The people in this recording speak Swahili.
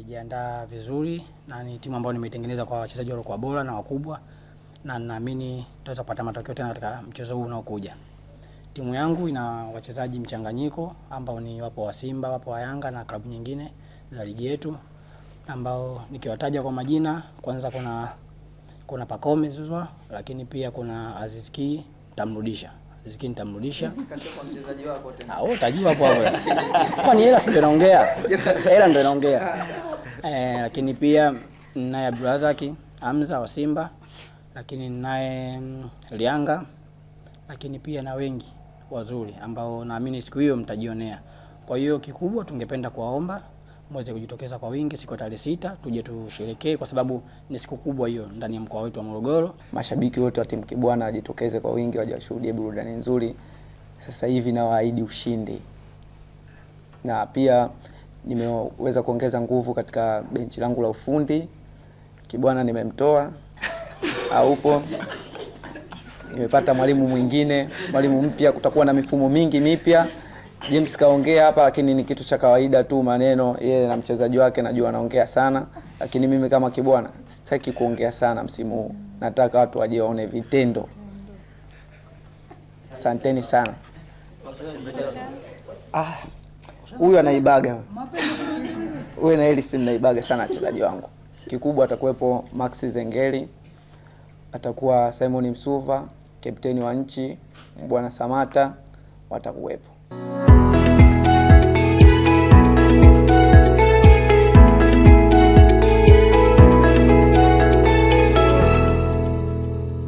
nimejiandaa vizuri na ni timu ambayo nimeitengeneza kwa wachezaji kwa bora na wakubwa, na ninaamini tutaweza kupata matokeo tena katika mchezo huu unaokuja. Timu yangu ina wachezaji mchanganyiko ambao ni wapo wa Simba, wapo wa Yanga na klabu nyingine za ligi yetu, ambao nikiwataja kwa majina, kwanza kuna kuna Pacome Zouzoua, lakini pia kuna Aziz Ki nitamrudisha Aziz Ki ah, Utajua hapo hapo, kwani hela si ndio Hela ndio naongea. E, lakini pia ninaye Abdulrazaki Hamza wa Simba, lakini ninaye mm, Lianga, lakini pia na wengi wazuri ambao naamini siku hiyo mtajionea. Kwa hiyo kikubwa, tungependa kuwaomba mweze kujitokeza kwa wingi siku ya tarehe sita, tuje tusherekee kwa sababu ni siku kubwa hiyo ndani ya mkoa wetu wa Morogoro. Mashabiki wote wa timu Kibwana wajitokeze kwa wingi, waje washuhudie burudani nzuri. Sasa hivi nawaahidi ushindi na pia nimeweza kuongeza nguvu katika benchi langu la ufundi. Kibwana nimemtoa aupo, nimepata mwalimu mwingine, mwalimu mpya. Kutakuwa na mifumo mingi mipya. James kaongea hapa, lakini ni kitu cha kawaida tu, maneno yeye na mchezaji wake, najua anaongea sana, lakini mimi kama Kibwana sitaki kuongea sana msimu huu, nataka watu waje waone vitendo. Asanteni sana. Ah, huyu anaibaga wewe na Elisi mnaibaga sana wachezaji wangu. Kikubwa atakuwepo maxi Zengeli, atakuwa Simon Msuva, kapteni wa nchi, Bwana Samata watakuwepo.